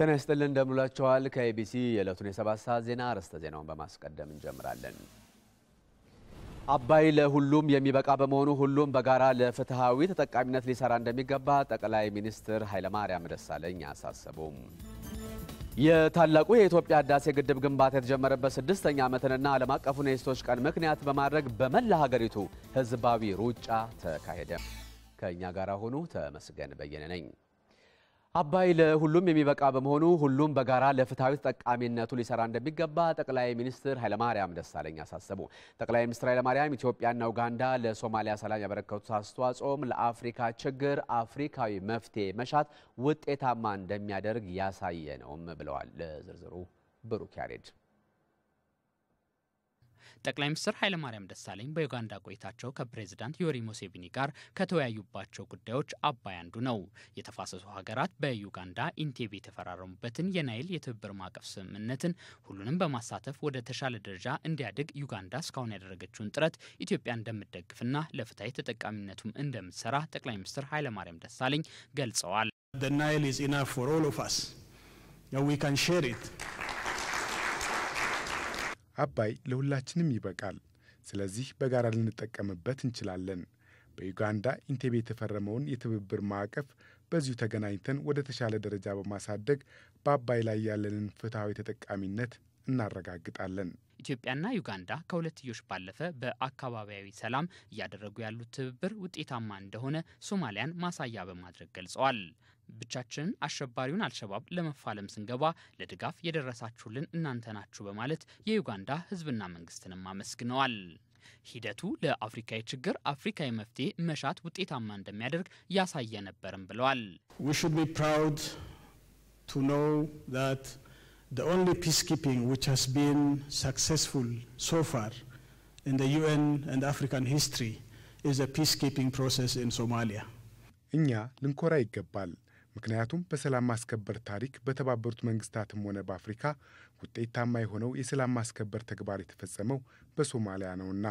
ጤና ይስጥልን እንደምንላችኋል። ከኤቢሲ የዕለቱን የሰባት ሰዓት ዜና አርዕስተ ዜናውን በማስቀደም እንጀምራለን። አባይ ለሁሉም የሚበቃ በመሆኑ ሁሉም በጋራ ለፍትሐዊ ተጠቃሚነት ሊሰራ እንደሚገባ ጠቅላይ ሚኒስትር ኃይለማርያም ደሳለኝ አሳሰቡም። የታላቁ የኢትዮጵያ ህዳሴ ግድብ ግንባታ የተጀመረበት ስድስተኛ ዓመትንና ዓለም አቀፉን የሴቶች ቀን ምክንያት በማድረግ በመላ ሀገሪቱ ህዝባዊ ሩጫ ተካሄደ። ከእኛ ጋር ሆኑ። ተመስገን በየነ ነኝ። አባይ ለሁሉም የሚበቃ በመሆኑ ሁሉም በጋራ ለፍትሐዊ ተጠቃሚነቱ ሊሰራ እንደሚገባ ጠቅላይ ሚኒስትር ኃይለማርያም ደሳለኝ አሳሰቡ። ጠቅላይ ሚኒስትር ኃይለማርያም ኢትዮጵያና ኡጋንዳ ለሶማሊያ ሰላም ያበረከቱት አስተዋጽኦም ለአፍሪካ ችግር አፍሪካዊ መፍትሄ መሻት ውጤታማ እንደሚያደርግ ያሳየ ነውም ብለዋል። ለዝርዝሩ ብሩክ ያሬድ ጠቅላይ ሚኒስትር ኃይለማርያም ደሳለኝ በዩጋንዳ ቆይታቸው ከፕሬዚዳንት ዮሪ ሙሴቪኒ ጋር ከተወያዩባቸው ጉዳዮች አባይ አንዱ ነው። የተፋሰሱ ሀገራት በዩጋንዳ ኢንቴቤ የተፈራረሙበትን የናይል የትብብር ማዕቀፍ ስምምነትን ሁሉንም በማሳተፍ ወደ ተሻለ ደረጃ እንዲያድግ ዩጋንዳ እስካሁን ያደረገችውን ጥረት ኢትዮጵያ እንደምትደግፍና ለፍትሐዊ ተጠቃሚነቱም እንደምትሰራ ጠቅላይ ሚኒስትር ኃይለማርያም ደሳለኝ ገልጸዋል። The Nile is enough for all of us. We can share it. አባይ ለሁላችንም ይበቃል። ስለዚህ በጋራ ልንጠቀምበት እንችላለን። በዩጋንዳ ኢንቴቤ የተፈረመውን የትብብር ማዕቀፍ በዚሁ ተገናኝተን ወደ ተሻለ ደረጃ በማሳደግ በአባይ ላይ ያለንን ፍትሐዊ ተጠቃሚነት እናረጋግጣለን። ኢትዮጵያና ዩጋንዳ ከሁለትዮሽ ባለፈ በአካባቢያዊ ሰላም እያደረጉ ያሉት ትብብር ውጤታማ እንደሆነ ሶማሊያን ማሳያ በማድረግ ገልጸዋል። ብቻችንን አሸባሪውን አልሸባብ ለመፋለም ስንገባ ለድጋፍ የደረሳችሁልን እናንተ ናችሁ በማለት የዩጋንዳ ህዝብና መንግስትንም አመስግነዋል። ሂደቱ ለአፍሪካዊ ችግር አፍሪካዊ መፍትሄ መሻት ውጤታማ እንደሚያደርግ ያሳየ ነበርም ብለዋል። እኛ ልንኮራ ይገባል። ምክንያቱም በሰላም ማስከበር ታሪክ በተባበሩት መንግስታትም ሆነ በአፍሪካ ውጤታማ የሆነው የሰላም ማስከበር ተግባር የተፈጸመው በሶማሊያ ነውና።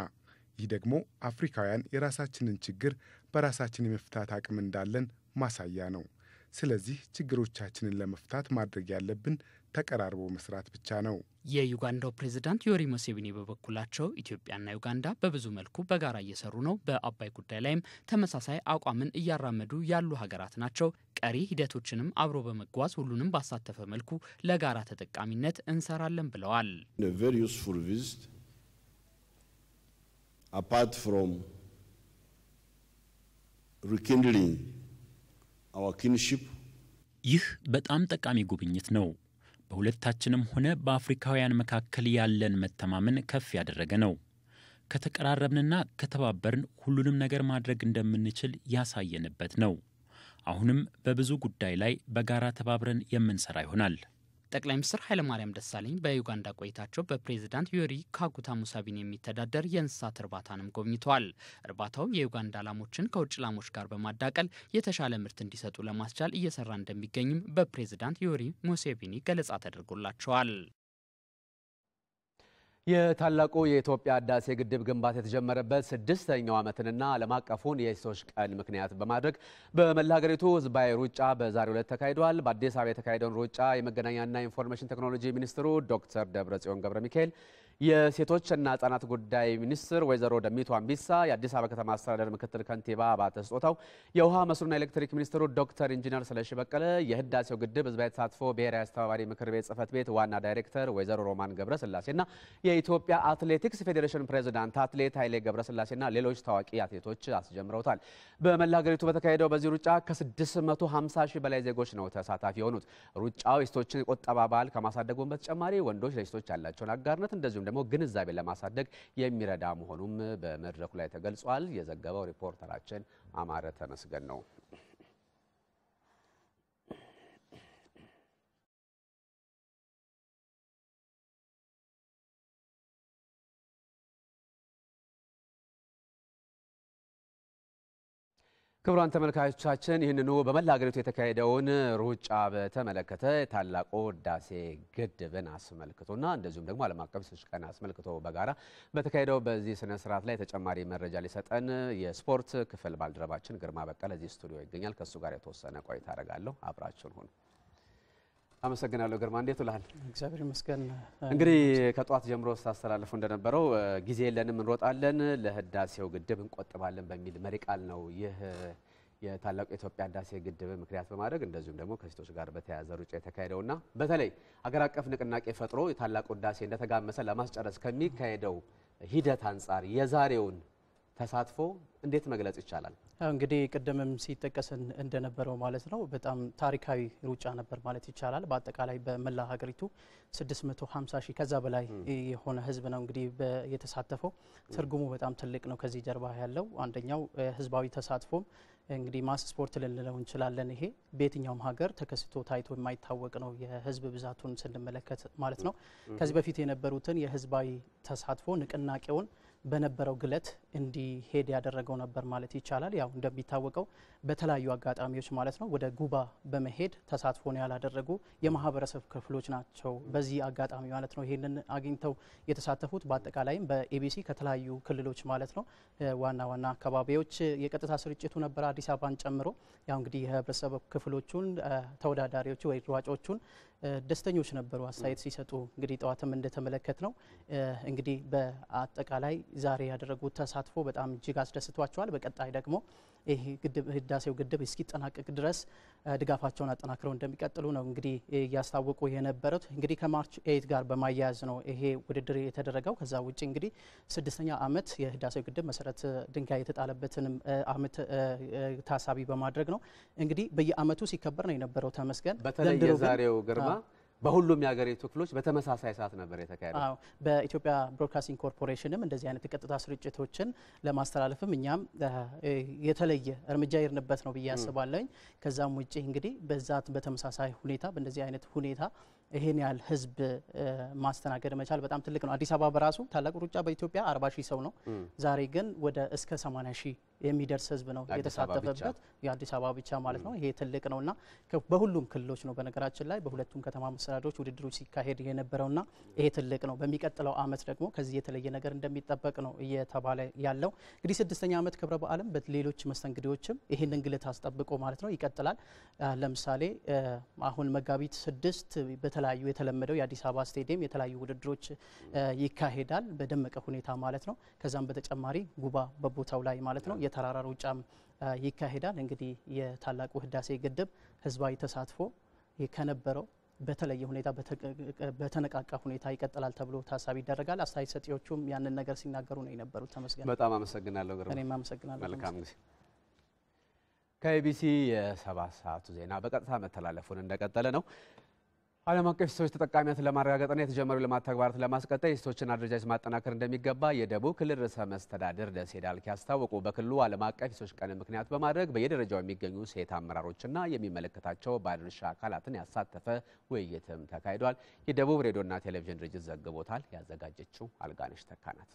ይህ ደግሞ አፍሪካውያን የራሳችንን ችግር በራሳችን የመፍታት አቅም እንዳለን ማሳያ ነው። ስለዚህ ችግሮቻችንን ለመፍታት ማድረግ ያለብን ተቀራርቦ መስራት ብቻ ነው። የዩጋንዳው ፕሬዝዳንት ዮሪ ሙሴቪኒ በበኩላቸው ኢትዮጵያና ዩጋንዳ በብዙ መልኩ በጋራ እየሰሩ ነው፣ በአባይ ጉዳይ ላይም ተመሳሳይ አቋምን እያራመዱ ያሉ ሀገራት ናቸው፣ ቀሪ ሂደቶችንም አብሮ በመጓዝ ሁሉንም ባሳተፈ መልኩ ለጋራ ተጠቃሚነት እንሰራለን ብለዋል። ይህ በጣም ጠቃሚ ጉብኝት ነው። በሁለታችንም ሆነ በአፍሪካውያን መካከል ያለን መተማመን ከፍ ያደረገ ነው። ከተቀራረብንና ከተባበርን ሁሉንም ነገር ማድረግ እንደምንችል ያሳየንበት ነው። አሁንም በብዙ ጉዳይ ላይ በጋራ ተባብረን የምንሰራ ይሆናል። ጠቅላይ ሚኒስትር ኃይለማርያም ደሳለኝ በዩጋንዳ ቆይታቸው በፕሬዝዳንት ዮሪ ካጉታ ሙሳቢን የሚተዳደር የእንስሳት እርባታንም ጎብኝተዋል። እርባታው የዩጋንዳ ላሞችን ከውጭ ላሞች ጋር በማዳቀል የተሻለ ምርት እንዲሰጡ ለማስቻል እየሰራ እንደሚገኝም በፕሬዝዳንት ዮሪ ሙሴቪኒ ገለጻ ተደርጎላቸዋል። የታላቁ የኢትዮጵያ ህዳሴ ግድብ ግንባታ የተጀመረበት ስድስተኛው ዓመትንና ዓለም አቀፉን የሴቶች ቀን ምክንያት በማድረግ በመላ ሀገሪቱ ህዝባዊ ሩጫ በዛሬው ዕለት ተካሂዷል። በአዲስ አበባ የተካሄደውን ሩጫ የመገናኛና ኢንፎርሜሽን ቴክኖሎጂ ሚኒስትሩ ዶክተር ደብረጽዮን ገብረ ሚካኤል የሴቶችና ህጻናት ጉዳይ ሚኒስትር ወይዘሮ ደሚቱ አምቢሳ፣ የአዲስ አበባ ከተማ አስተዳደር ምክትል ከንቲባ አባተ ስጦታው፣ የውሃ መስኖና ኤሌክትሪክ ሚኒስትሩ ዶክተር ኢንጂነር ስለሺ በቀለ፣ የህዳሴው ግድብ ህዝባዊ ተሳትፎ ብሔራዊ አስተባባሪ ምክር ቤት ጽህፈት ቤት ዋና ዳይሬክተር ወይዘሮ ሮማን ገብረስላሴና የኢትዮጵያ አትሌቲክስ ፌዴሬሽን ፕሬዚዳንት አትሌት ኃይሌ ገብረስላሴና ሌሎች ታዋቂ አትሌቶች አስጀምረውታል። በመላ ሀገሪቱ በተካሄደው በዚህ ሩጫ ከ650 ሺህ በላይ ዜጎች ነው ተሳታፊ የሆኑት። ሩጫው የሴቶችን የቆጠባ ባህል ከማሳደጉን በተጨማሪ ወንዶች ለሴቶች ያላቸውን አጋርነት እንደዚሁም ወይም ደግሞ ግንዛቤ ለማሳደግ የሚረዳ መሆኑም በመድረኩ ላይ ተገልጿል። የዘገበው ሪፖርተራችን አማረ ተመስገን ነው። ክቡራን ተመልካቾቻችን ይህንኑ በመላ ሀገሪቱ የተካሄደውን ሩጫ በተመለከተ ታላቁ ህዳሴ ግድብን አስመልክቶና እንደዚሁም ደግሞ ዓለም አቀፍ ሴቶች ቀን አስመልክቶ በጋራ በተካሄደው በዚህ ስነ ስርዓት ላይ ተጨማሪ መረጃ ሊሰጠን የስፖርት ክፍል ባልደረባችን ግርማ በቀለ እዚህ ስቱዲዮ ይገኛል። ከእሱ ጋር የተወሰነ ቆይታ አደርጋለሁ። አብራችን ሁኑ። አመሰግናለሁ ግርማ፣ እንዴት ውልሃል? እግዚአብሔር ይመስገን። እንግዲህ ከጠዋት ጀምሮ ስታስተላልፉ እንደነበረው ጊዜ የለንም እንሮጣለን፣ ለህዳሴው ግድብ እንቆጥባለን በሚል መሪ ቃል ነው ይህ የታላቁ የኢትዮጵያ ህዳሴ ግድብ ምክንያት በማድረግ እንደዚሁም ደግሞ ከሴቶች ጋር በተያያዘ ሩጫ የተካሄደውና በተለይ አገር አቀፍ ንቅናቄ ፈጥሮ የታላቁ ህዳሴ እንደተጋመሰ ለማስጨረስ ከሚካሄደው ሂደት አንጻር የዛሬውን ተሳትፎ እንዴት መግለጽ ይቻላል? እንግዲህ ቅድምም ሲጠቀስን እንደነበረው ማለት ነው በጣም ታሪካዊ ሩጫ ነበር ማለት ይቻላል። በአጠቃላይ በመላ ሀገሪቱ 650 ሺህ ከዛ በላይ የሆነ ህዝብ ነው እንግዲህ የተሳተፈው። ትርጉሙ በጣም ትልቅ ነው። ከዚህ ጀርባ ያለው አንደኛው ህዝባዊ ተሳትፎም እንግዲህ ማስ ስፖርት ልንለው እንችላለን። ይሄ በየትኛውም ሀገር ተከስቶ ታይቶ የማይታወቅ ነው፣ የህዝብ ብዛቱን ስንመለከት ማለት ነው። ከዚህ በፊት የነበሩትን የህዝባዊ ተሳትፎ ንቅናቄውን በነበረው ግለት እንዲሄድ ያደረገው ነበር ማለት ይቻላል። ያው እንደሚታወቀው በተለያዩ አጋጣሚዎች ማለት ነው ወደ ጉባ በመሄድ ነው ያላደረጉ የማህበረሰብ ክፍሎች ናቸው። በዚህ አጋጣሚ ማለት ነው ይህንን አግኝተው የተሳተፉት በአጠቃላይም በኤቢሲ ከተለያዩ ክልሎች ማለት ነው ዋና ዋና አካባቢዎች የቀጥታ ስርጭቱ ነበር አዲስ አበባን ጨምሮ። ያው እንግዲህ የህብረተሰብ ክፍሎቹን ተወዳዳሪዎቹ ወይ ሯጮቹን ደስተኞች ነበሩ አስተያየት ሲሰጡ። እንግዲህ ጠዋትም እንደተመለከት ነው እንግዲህ በአጠቃላይ ዛሬ ያደረጉት ተሳትፎ በጣም እጅግ አስደስቷቸዋል። በቀጣይ ደግሞ ይህ ግድብ ህዳሴው ግድብ እስኪጠናቀቅ ድረስ ድጋፋቸውን አጠናክረው እንደሚቀጥሉ ነው እንግዲህ እያስታወቁ የነበሩት። እንግዲህ ከማርች ኤይት ጋር በማያያዝ ነው ይሄ ውድድር የተደረገው። ከዛ ውጭ እንግዲህ ስድስተኛ ዓመት የህዳሴው ግድብ መሰረት ድንጋይ የተጣለበትንም ዓመት ታሳቢ በማድረግ ነው እንግዲህ በየዓመቱ ሲከበር ነው የነበረው። ተመስገን በተለይ የዛሬው ግርማ በሁሉም የሀገሪቱ ክፍሎች በተመሳሳይ ሰዓት ነበር የተካሄደው። በኢትዮጵያ ብሮድካስቲንግ ኮርፖሬሽንም እንደዚህ አይነት የቀጥታ ስርጭቶችን ለማስተላለፍም እኛም የተለየ እርምጃ ይርንበት ነው ብዬ አስባለኝ። ከዛም ውጭ እንግዲህ በዛት በተመሳሳይ ሁኔታ በእንደዚህ አይነት ሁኔታ ይሄን ያህል ህዝብ ማስተናገድ መቻል በጣም ትልቅ ነው። አዲስ አበባ በራሱ ታላቁ ሩጫ በኢትዮጵያ 40 ሺህ ሰው ነው። ዛሬ ግን ወደ እስከ 80 ሺህ የሚደርስ ህዝብ ነው የተሳተፈበት የአዲስ አበባ ብቻ ማለት ነው። ይሄ ትልቅ እና በሁሉም ክልሎች ነው በነገራችን ላይ በሁለቱም ከተማ መሰዳዶች ውድድሩ ሲካሄድ የነበረውና ይሄ ትልቅ ነው። በሚቀጥለው አመት ደግሞ ከዚህ የተለየ ነገር እንደሚጠበቅ ነው እየተባለ ያለው። እንግዲህ ስድስተኛ አመት ክብረ በዓልም በሌሎች መስተንግዶችም ይህንን ግለት አስጠብቆ ማለት ነው ይቀጥላል። ለምሳሌ አሁን መጋቢት ስድስት የተለያዩ የተለመደው የአዲስ አበባ ስቴዲየም የተለያዩ ውድድሮች ይካሄዳል በደመቀ ሁኔታ ማለት ነው። ከዛም በተጨማሪ ጉባ በቦታው ላይ ማለት ነው የተራራ ሩጫም ይካሄዳል። እንግዲህ የታላቁ ህዳሴ ግድብ ህዝባዊ ተሳትፎ ከነበረው በተለየ ሁኔታ በተነቃቃ ሁኔታ ይቀጥላል ተብሎ ታሳቢ ይደረጋል። አስተያየት ሰጪዎቹም ያንን ነገር ሲናገሩ ነው የነበሩት። ተመስገን በጣም አመሰግናለሁ። ግርማ እኔም አመሰግናለሁ። መልካም ጊዜ። ከኢቢሲ የሰባት ሰዓቱ ዜና በቀጥታ መተላለፉን እንደቀጠለ ነው። ዓለም አቀፍ የሴቶች ተጠቃሚነትን ለማረጋገጥና የተጀመሩ ልማት ተግባራት ለማስቀጠል የሴቶችን አደረጃጀት ማጠናከር እንደሚገባ የደቡብ ክልል ርዕሰ መስተዳድር ደሴ ዳልኬ አስታወቁ። በክልሉ ዓለም አቀፍ የሴቶች ቀንን ምክንያት በማድረግ በየደረጃው የሚገኙ ሴት አመራሮችና የሚመለከታቸው ባለድርሻ አካላትን ያሳተፈ ውይይትም ተካሂዷል። የደቡብ ሬዲዮና ቴሌቪዥን ድርጅት ዘግቦታል። ያዘጋጀችው አልጋነሽ ተካናት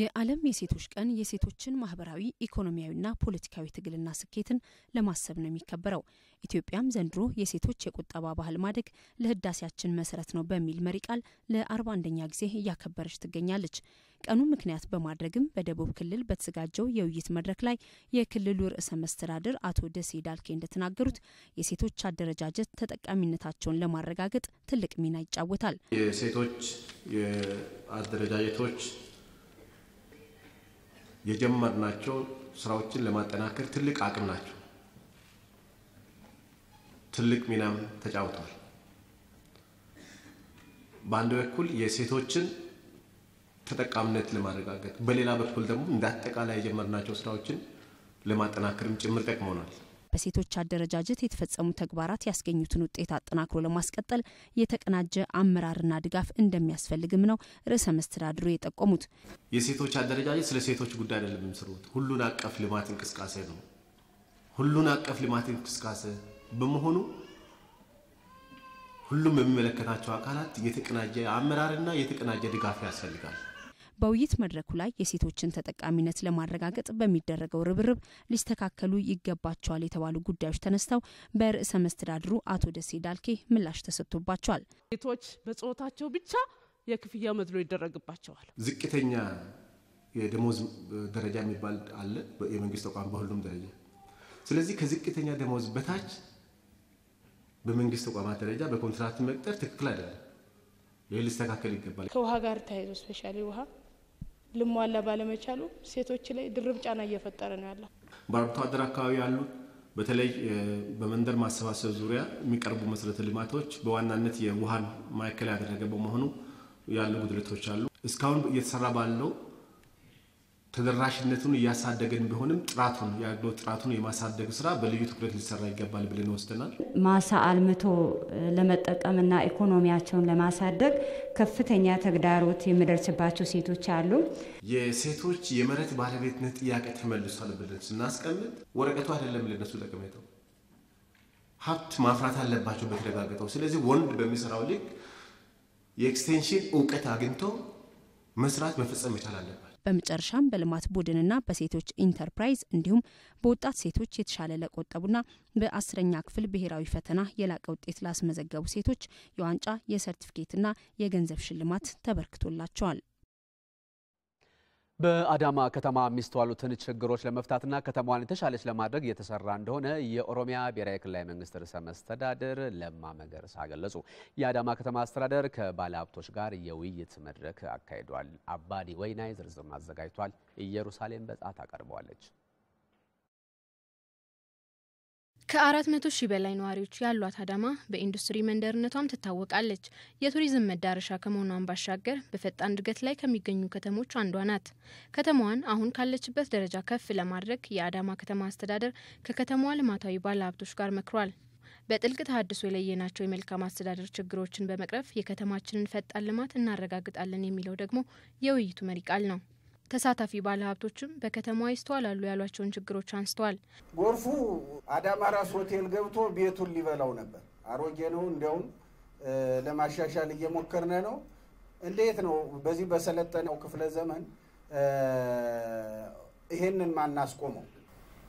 የዓለም የሴቶች ቀን የሴቶችን ማህበራዊ ኢኮኖሚያዊና ፖለቲካዊ ትግልና ስኬትን ለማሰብ ነው የሚከበረው። ኢትዮጵያም ዘንድሮ የሴቶች የቁጠባ ባህል ማደግ ለህዳሴያችን መሰረት ነው በሚል መሪ ቃል ለአርባ አንደኛ ጊዜ እያከበረች ትገኛለች። ቀኑ ምክንያት በማድረግም በደቡብ ክልል በተዘጋጀው የውይይት መድረክ ላይ የክልሉ ርዕሰ መስተዳድር አቶ ደሴ ዳልኬ እንደተናገሩት የሴቶች አደረጃጀት ተጠቃሚነታቸውን ለማረጋገጥ ትልቅ ሚና ይጫወታል። የሴቶች አደረጃጀቶች የጀመርናቸው ስራዎችን ለማጠናከር ትልቅ አቅም ናቸው። ትልቅ ሚናም ተጫውተዋል። በአንድ በኩል የሴቶችን ተጠቃሚነት ለማረጋገጥ፣ በሌላ በኩል ደግሞ እንደ አጠቃላይ የጀመርናቸው ስራዎችን ለማጠናከርም ጭምር ጠቅመናል። በሴቶች አደረጃጀት የተፈጸሙ ተግባራት ያስገኙትን ውጤት አጠናክሮ ለማስቀጠል የተቀናጀ አመራርና ድጋፍ እንደሚያስፈልግም ነው ርዕሰ መስተዳድሩ የጠቆሙት። የሴቶች አደረጃጀት ስለ ሴቶች ጉዳይ አይደለም የሚሰሩት፣ ሁሉን አቀፍ ልማት እንቅስቃሴ ነው። ሁሉን አቀፍ ልማት እንቅስቃሴ በመሆኑ ሁሉም የሚመለከታቸው አካላት የተቀናጀ አመራርና የተቀናጀ ድጋፍ ያስፈልጋል። በውይይት መድረኩ ላይ የሴቶችን ተጠቃሚነት ለማረጋገጥ በሚደረገው ርብርብ ሊስተካከሉ ይገባቸዋል የተባሉ ጉዳዮች ተነስተው በርዕሰ መስተዳድሩ አቶ ደሴ ዳልኬ ምላሽ ተሰጥቶባቸዋል። ሴቶች በጾታቸው ብቻ የክፍያ መድሎ ይደረግባቸዋል። ዝቅተኛ የደሞዝ ደረጃ የሚባል አለ የመንግስት ተቋም በሁሉም ደረጃ። ስለዚህ ከዝቅተኛ ደሞዝ በታች በመንግስት ተቋማት ደረጃ በኮንትራት መቅጠር ትክክል አይደለም። ይህ ሊስተካከል ይገባል። ከውሃ ጋር ተያይዞ ስፔሻሊ ውሃ ልሟላ ባለመቻሉ ሴቶች ላይ ድርብ ጫና እየፈጠረ ነው ያለው። በአርብቶ አደር አካባቢ ያሉ። በተለይ በመንደር ማሰባሰብ ዙሪያ የሚቀርቡ መሰረተ ልማቶች በዋናነት የውሃን ማዕከል ያደረገ በመሆኑ ያሉ ጉድለቶች አሉ። እስካሁን እየተሰራ ባለው ተደራሽነቱን እያሳደገን ቢሆንም ጥራቱን የአገልግሎት ጥራቱን የማሳደግ ስራ በልዩ ትኩረት ሊሰራ ይገባል ብለን ወስደናል። ማሳ አልምቶ ለመጠቀምና ኢኮኖሚያቸውን ለማሳደግ ከፍተኛ ተግዳሮት የሚደርስባቸው ሴቶች አሉ። የሴቶች የመሬት ባለቤትነት ጥያቄ ተመልሷል ብለን ስናስቀምጥ ወረቀቱ አይደለም ለነሱ ጠቀሜታው ሀብት ማፍራት አለባቸው በተረጋገጠው። ስለዚህ ወንድ በሚሰራው ልክ የኤክስቴንሽን እውቀት አግኝቶ መስራት መፈጸም መቻል አለባቸው። በመጨረሻም በልማት ቡድንና በሴቶች ኢንተርፕራይዝ እንዲሁም በወጣት ሴቶች የተሻለ ለቆጠቡና በአስረኛ ክፍል ብሔራዊ ፈተና የላቀ ውጤት ላስመዘገቡ ሴቶች የዋንጫ የሰርቲፊኬትና የገንዘብ ሽልማት ተበርክቶላቸዋል። በአዳማ ከተማ የሚስተዋሉትን ችግሮች ለመፍታትና ከተማዋን የተሻለች ለማድረግ እየተሰራ እንደሆነ የኦሮሚያ ብሔራዊ ክልላዊ መንግስት ርዕሰ መስተዳድር ለማ መገርሳ ገለጹ። የአዳማ ከተማ አስተዳደር ከባለ ሀብቶች ጋር የውይይት መድረክ አካሂዷል። አባዲ ወይናይ ዝርዝሩን አዘጋጅቷል። ኢየሩሳሌም በጣት አቀርበዋለች። ከአራት መቶ ሺህ በላይ ነዋሪዎች ያሏት አዳማ በኢንዱስትሪ መንደርነቷም ትታወቃለች። የቱሪዝም መዳረሻ ከመሆኗን ባሻገር በፈጣን እድገት ላይ ከሚገኙ ከተሞች አንዷ ናት። ከተማዋን አሁን ካለችበት ደረጃ ከፍ ለማድረግ የአዳማ ከተማ አስተዳደር ከከተማዋ ልማታዊ ባለሀብቶች ጋር መክሯል። በጥልቅ ተሀድሶ የለየናቸው የመልካም አስተዳደር ችግሮችን በመቅረፍ የከተማችንን ፈጣን ልማት እናረጋግጣለን የሚለው ደግሞ የውይይቱ መሪ ቃል ነው። ተሳታፊ ባለሀብቶችም በከተማዋ ይስተዋላሉ ያሏቸውን ችግሮች አንስተዋል። ጎርፉ አዳማ ራስ ሆቴል ገብቶ ቤቱን ሊበላው ነበር። አሮጌ ነው፣ እንዲያውም ለማሻሻል እየሞከርን ነው። እንዴት ነው በዚህ በሰለጠነው ክፍለ ዘመን ይሄንን ማናስቆመው?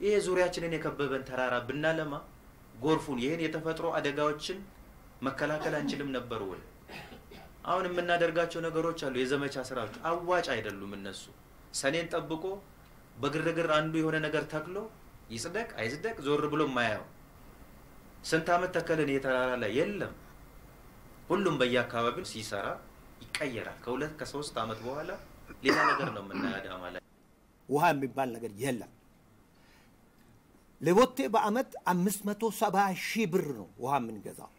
ይሄ ዙሪያችንን የከበበን ተራራ ብናለማ ጎርፉን ይህን የተፈጥሮ አደጋዎችን መከላከል አንችልም ነበር ወይ? አሁን የምናደርጋቸው ነገሮች አሉ። የዘመቻ ስራዎች አዋጭ አይደሉም እነሱ ሰኔን ጠብቆ በግርግር አንዱ የሆነ ነገር ተክሎ ይጽደቅ አይጽደቅ ዞር ብሎ ማያው ስንት ዓመት ተከልን የተራራ ላይ የለም። ሁሉም በየአካባቢው ሲሰራ ይቀየራል። ከሁለት ከሶስት ዓመት በኋላ ሌላ ነገር ነው የምናየው አዳማ ላይ። ውሃ የሚባል ነገር የለም። ለቦቴ በአመት አምስት መቶ ሰባ ሺህ ብር ነው ውሃ የምንገዛው።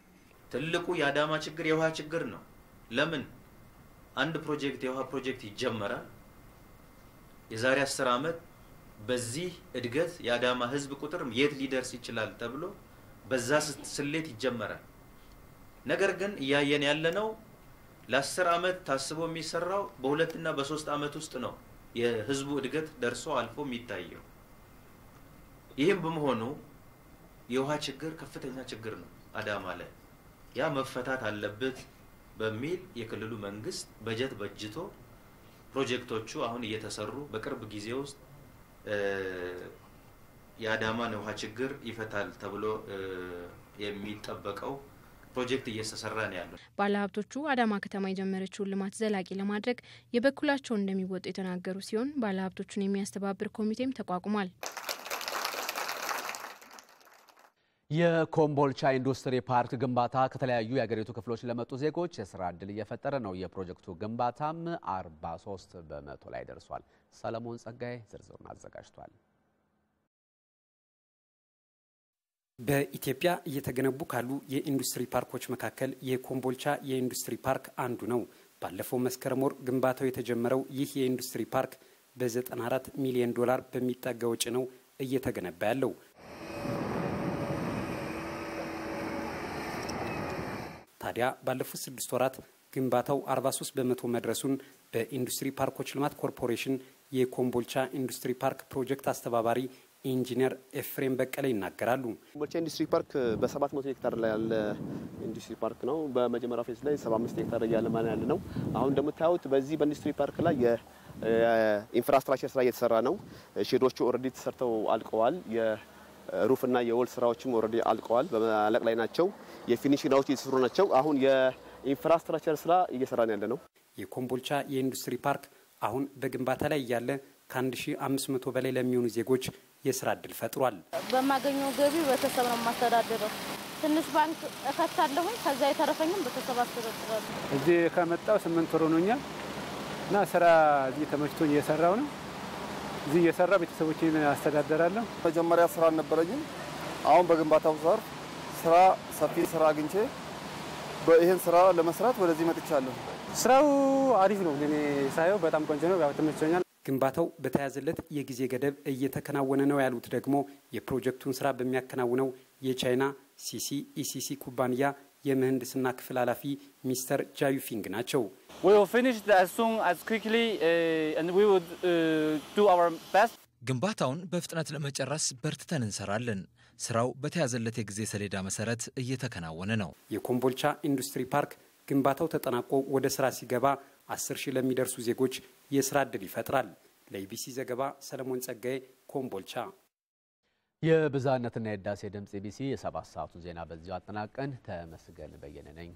ትልቁ የአዳማ ችግር የውሃ ችግር ነው። ለምን አንድ ፕሮጀክት የውሃ ፕሮጀክት ይጀመራል፣ የዛሬ አስር ዓመት በዚህ እድገት የአዳማ ህዝብ ቁጥር የት ሊደርስ ይችላል ተብሎ በዛ ስሌት ይጀመራል። ነገር ግን እያየን ያለነው ለአስር ዓመት ታስቦ የሚሰራው በሁለትና በሶስት ዓመት ውስጥ ነው የህዝቡ እድገት ደርሶ አልፎ የሚታየው። ይህም በመሆኑ የውሃ ችግር ከፍተኛ ችግር ነው አዳማ ላይ። ያ መፈታት አለበት በሚል የክልሉ መንግስት በጀት በጅቶ ፕሮጀክቶቹ አሁን እየተሰሩ በቅርብ ጊዜ ውስጥ የአዳማን ውሃ ችግር ይፈታል ተብሎ የሚጠበቀው ፕሮጀክት እየተሰራ ነው ያለው። ባለሀብቶቹ አዳማ ከተማ የጀመረችውን ልማት ዘላቂ ለማድረግ የበኩላቸውን እንደሚወጡ የተናገሩ ሲሆን ባለሀብቶቹን የሚያስተባብር ኮሚቴም ተቋቁሟል። የኮምቦልቻ ኢንዱስትሪ ፓርክ ግንባታ ከተለያዩ የሀገሪቱ ክፍሎች ለመጡ ዜጎች የስራ ዕድል እየፈጠረ ነው። የፕሮጀክቱ ግንባታም 43 በመቶ ላይ ደርሷል። ሰለሞን ጸጋይ ዝርዝሩን አዘጋጅቷል። በኢትዮጵያ እየተገነቡ ካሉ የኢንዱስትሪ ፓርኮች መካከል የኮምቦልቻ የኢንዱስትሪ ፓርክ አንዱ ነው። ባለፈው መስከረም ወር ግንባታው የተጀመረው ይህ የኢንዱስትሪ ፓርክ በ94 ሚሊዮን ዶላር በሚጠጋ ወጪ ነው እየተገነባ ያለው። ታዲያ ባለፉት ስድስት ወራት ግንባታው 43 በመቶ መድረሱን በኢንዱስትሪ ፓርኮች ልማት ኮርፖሬሽን የኮምቦልቻ ኢንዱስትሪ ፓርክ ፕሮጀክት አስተባባሪ ኢንጂነር ኤፍሬም በቀለ ይናገራሉ። ኮምቦልቻ ኢንዱስትሪ ፓርክ በ700 ሄክታር ላይ ያለ ኢንዱስትሪ ፓርክ ነው። በመጀመሪያ ፌዝ ላይ 75 ሄክታር እያለማ ያለ ነው። አሁን እንደምታዩት በዚህ በኢንዱስትሪ ፓርክ ላይ የኢንፍራስትራክቸር ስራ እየተሰራ ነው። ሼዶቹ ኦልሬዲ ተሰርተው አልቀዋል። ሩፍና የወል ስራዎችም ኦልሬዲ አልቀዋል፣ በማለቅ ላይ ናቸው። የፊኒሽ ናዎች እየተሰሩ ናቸው። አሁን የኢንፍራስትራክቸር ስራ እየሰራን ያለ ነው። የኮምቦልቻ የኢንዱስትሪ ፓርክ አሁን በግንባታ ላይ እያለ ከ1500 በላይ ለሚሆኑ ዜጎች የስራ እድል ፈጥሯል። በማገኘው ገቢ ቤተሰብ ነው ማስተዳደረው ትንሽ ባንክ እከታለሁኝ፣ ከዛ የተረፈኝም ቤተሰብ አስተዳድራለሁ። እዚህ ከመጣው ስምንት ወር ሆኖኛል እና ስራ እዚህ ተመችቶ እየሰራው ነው። እዚህ እየሰራ ቤተሰቦችን አስተዳደራለሁ። መጀመሪያ ስራ አልነበረኝም። አሁን በግንባታው ዘርፍ ስራ ሰፊ ስራ አግኝቼ ይህን ስራ ለመስራት ወደዚህ መጥቻለሁ። ስራው አሪፍ ነው፣ እኔ ሳየው በጣም ቆንጆ ነው፣ ያው ተመችቶኛል። ግንባታው በተያዘለት የጊዜ ገደብ እየተከናወነ ነው ያሉት ደግሞ የፕሮጀክቱን ስራ በሚያከናውነው የቻይና ሲሲ ኢሲሲ ኩባንያ የምህንድስና ክፍል ኃላፊ ሚስተር ጃዩፊንግ ናቸው። ግንባታውን በፍጥነት ለመጨረስ በርትተን እንሰራለን። ስራው በተያዘለት የጊዜ ሰሌዳ መሰረት እየተከናወነ ነው። የኮምቦልቻ ኢንዱስትሪ ፓርክ ግንባታው ተጠናቆ ወደ ስራ ሲገባ አስር ሺህ ለሚደርሱ ዜጎች የስራ ዕድል ይፈጥራል። ለኢቢሲ ዘገባ ሰለሞን ጸጋዬ ኮምቦልቻ የብዛነትና የህዳሴ ድምፅ ኢቢሲ የሰባት ሰዓቱን ዜና በዚሁ አጠናቀን። ተመስገን በየነ ነኝ።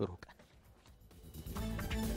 ብሩህ ቀን